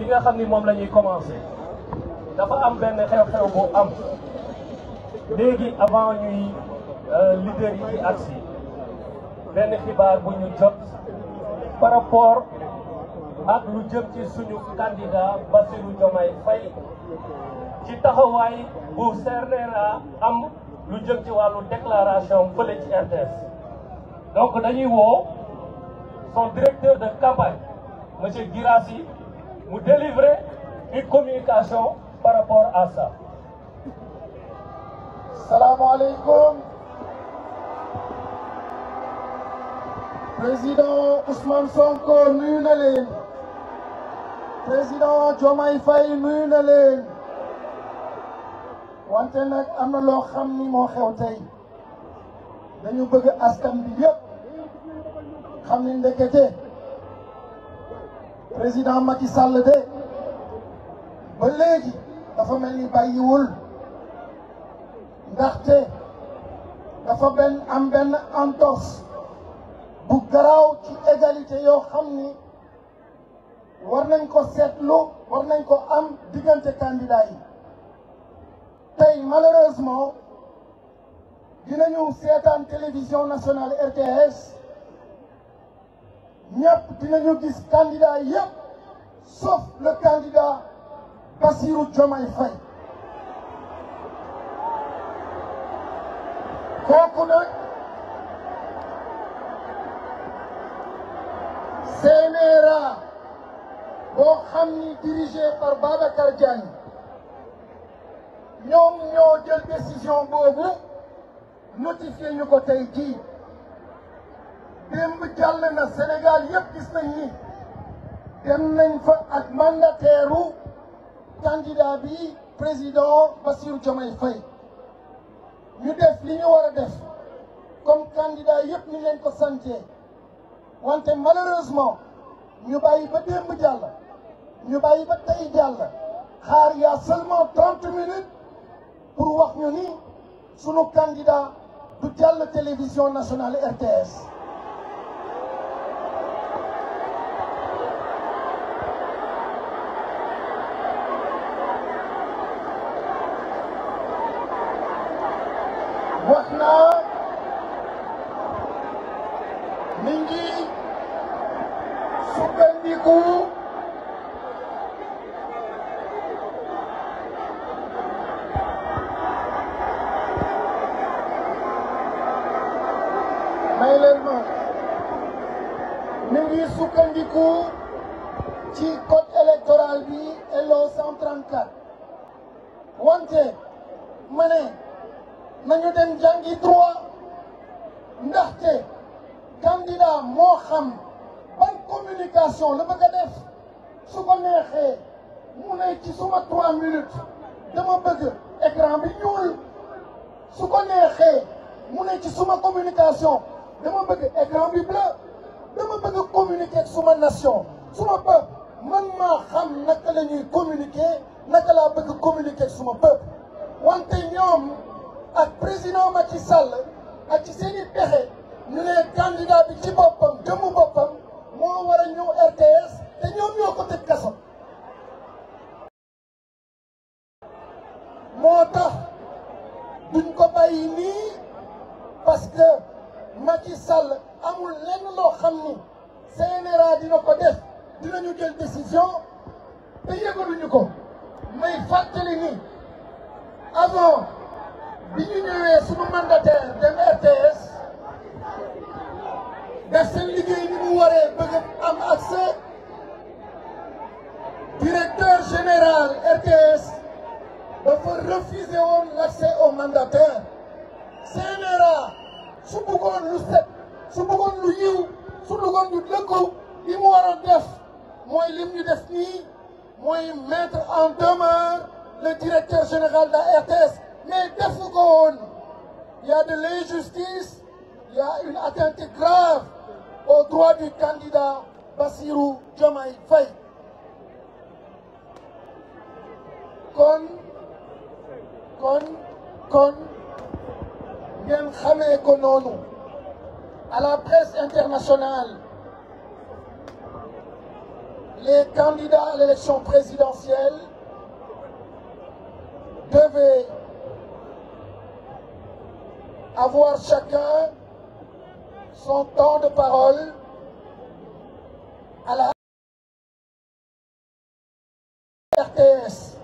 li nga xam ni moom la ñuy commencé dafa am benn xew-xew bu am léegi avant ñuy euh, leader yi ci agsi benn xibaar bu ñu jot par rapport ak lu jëm ci suñu candidat Bassirou Diomaye Faye ci taxawaay bu CNRA am lu jëm ci wàllu déclaration fële ci RTS donc dañuy woo son directeur de campagne monsieur Girassi mu délivrer une communication par rapport à ça. salaamaaleykum. président Ousmane Sonko nuyu na leen. président Diomaye Faye nuyu na leen. wante nag am xam ni moo xew tey dañu bëgg askan bi yëpp xam ni ndekete président Macky Sall de ba léegi dafa mel ni bàyyiwul ndaxte dafa benn am benn entorse bu garaaw ci égalité yoo xam ni war nañ ko seetlu war nañ ko am diggante candidat yi tey malheureusement dinañu seetaan télévision nationale RTS ñëpp dinañu gis candidat yëpp sauf le candidat Bassirou Diomaye Faye kooku nag CNRA boo xam ni dirigé par Babacar Diagne ñoom ñoo jël décision boobu notifié ñu ko tey jii démb jàll na Sénégal yëpp gis nañ ni dem nañ fa ak mandataire u candidat bi président Bassirou Diomaye Faye ñu def li ñu war a def comme candidat yëpp ni leen ko santee wante malheureusement ñu bàyyi ba démb jàll ñu bàyyi ba tey jàll xaar yaa seulement trente minutes pour wax ñu ni sunu candidat du jàll télévision nationale RTS wax naa mi ngi sukkandiku may ma mi ngi sukkandiku ci code électoral bi LO 134 wante ma nañu dem jàngi droit ndaxte candidat moo xam ban communication la bëgg def su ko neexee mu ne ci suma trois minutes dama bëgg écran bi ñuul su ko neexee mu ne ci suma communication dama bëgg écran bi bleu dama bëgg communiquer suma nation suma peuple man maa xam naka la ñuy naka laa bëgg communiquer suma peuple wante ñoom ak président Macky sal ak ci seen i pexe ñu ne candidat ci boppam jëmmu boppam moo war RTS te ñoom ko tëj kaso. moo tax duñ ko bàyyi nii parce que Macky Sall amul lenn loo xam ni CNRA ko def dinañu jël décision te yëgaluñu ko may fàttali ni avant. bi ñu ñëwee sunu dem RTS def liggéey ni mu waree bëgg am accès directeur général RTS dafa refuser mais defu ko woon a de l'injustice il a une atteinte grave aux droits du candidat Bassirou Diomaye Faye kon kon kon ngeen xamee ko à la presse internationale les candidats à l'élection présidentielle avoir chacun son temps de parole à la RTS.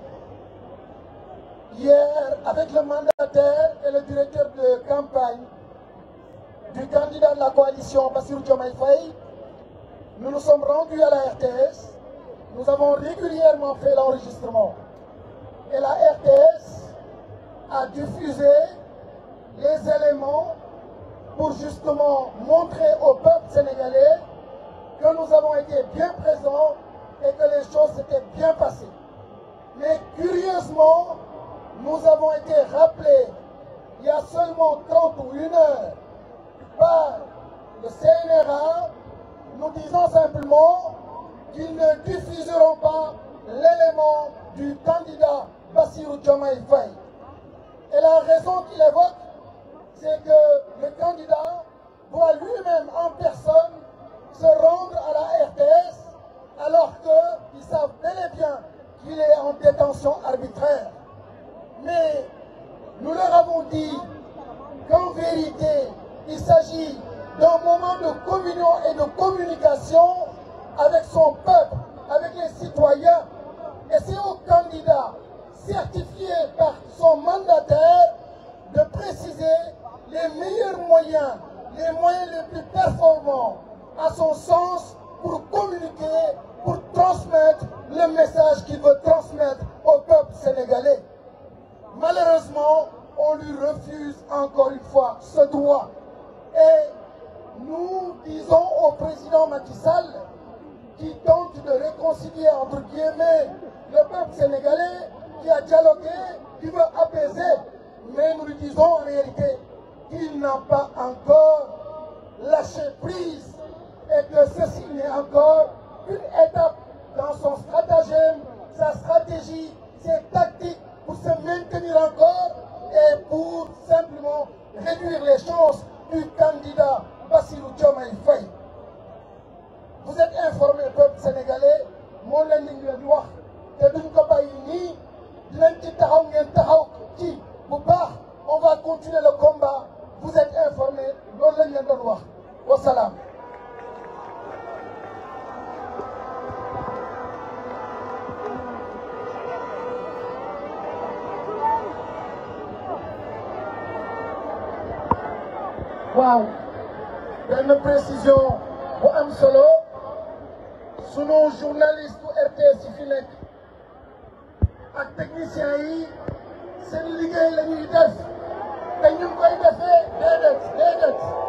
Hier, avec le mandataire et le directeur de campagne du candidat de la coalition, Bassirou Diomaye Faye, nous nous sommes rendus à la RTS. Nous avons régulièrement fait l'enregistrement. Et la RTS a diffusé pour justement montrer au peuple sénégalais que nous avons été bien présents et que les choses s'étaient bien passées. Mais curieusement, nous avons été rappelés il y a seulement 31 heures par le CNRA nous disant simplement qu'ils ne diffuseront pas l'élément du candidat Bassirou Diomaye Faye. Et la raison qu'il évoque vérité, il s'agit d'un moment de communion et de communication avec son peuple, avec les citoyens. Et c'est au candidat certifié par son mandataire de préciser les meilleurs moyens, les moyens les plus performants à son sens pour communiquer, pour transmettre le message qu'il veut transmettre au peuple sénégalais. on lui refuse encore une fois ce droit. Et nous disons au président Macky qui tente de réconcilier entre guillemets le peuple sénégalais, qui a dialogué, qui veut apaiser, mais nous lui disons en réalité qu'il n'a pas encore lâché prise et que ceci n'est encore qu'une étape dans son stratagème, sa stratégie, ses tactiques pour se maintenir encore et pour simplement réduire les chances du candidat Bassirou Diomaye Faye vous êtes informé peuple sénégalais moo leen di wax te duñ ko bàyyi nii dinañ ci taxaw ngeen taxaw bu baax on va continuer le combat vous êtes informé loolu lañ leen doon wax wasalaam waaw benn précision bu am solo sunu journaliste bu RTS yi ak technicien yi seen liggéey la ñuy def te ñu koy defee déedéet déedéet